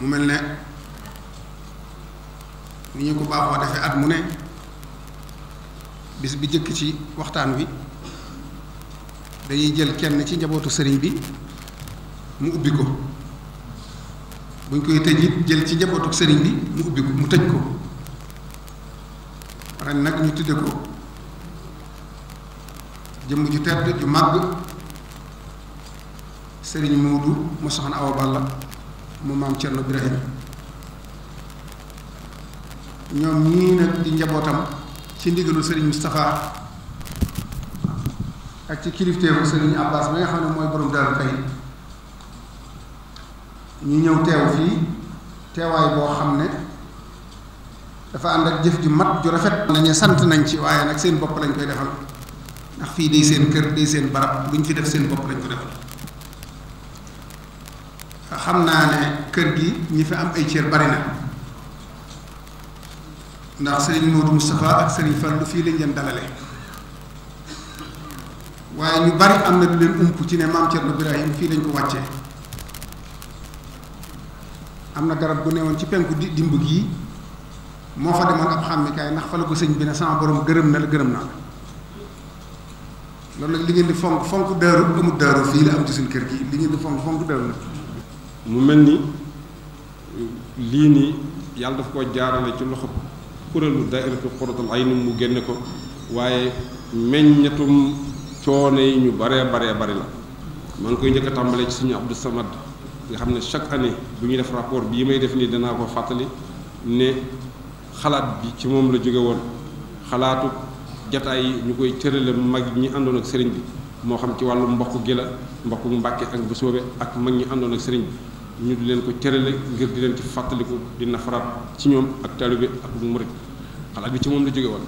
mu mel ne ni ñu ko baaxoo defe at mu ne bis bi jëkk ci waxtaan wi dañuy jël kenn ci njabootu sëriñ bi mu ubbi ko bu ñu koy tëj jël ci njabootu sëriñ bi mu ubbi ko mu tëj ko ren nag ñu tudde ko jëmm ju tedd ju màgg sëriñ Moodu mu soxna Awa Balla mu maam Cerno Birahim ñoom ñii nag di njabootam ci ndigalu Serigne Moustapha ak ci kilifteefu Serigne Abbas ba nga xam ne mooy borom Daaru Tey ñu ñëw teew fii teewaay boo xam ne dafa ànd ak jëf ju mat ju rafet. nañu sant nañ ci waaye nag seen bopp lañ koy defal ndax fii day seen kër day seen barab lu ñu fi def seen bopp lañ ko defal. xam naa ne kër gi ñi fi am ay cër bari na ndax sëriñ Modou Moustapha ak sëriñ Fallou fii lañ leen dalale waaye ñu bari am na lu leen ump ci ne maam Thierno Birahim fii lañ ko wàccee am na garab gu newoon ci penku di dimb gii moo fa demoon ab xàmmikaay ndax fa la ko sëñ bi ne sama borom gërëm na la gërëm na lool nag li ngeen di fonk fonk daaru amul daaru fii la am ci suñ kër gi li ngeen di fonk fonk daaru la mu mel ni lii nii yàlla dafa ko jaarale ci loxo kuréelu daairatu ay ni mu génne ko waaye meññatum coono yi ñu baree baree bari la man koy njëkk a tàmbalee ci suñu Abdou Samad nga xam ne chaque année bu ñuy def rapport bii may def nii danaa ko fàttali ne xalaat bi ci moom la jóge woon xalaatu jataay yi ñu koy tërale mag ñi àndoon ak sëriñ bi moo xam ci wàllu mbokk gi la mbokku Mbàkke ak bu soobe ak mag ñi àndoon ak sëriñ bi ñu di leen ko cërale ngir di leen ci fàttaliku di nafaraat ci ñoom ak taalibe ak murit xalaat bi ci moom la jóge woon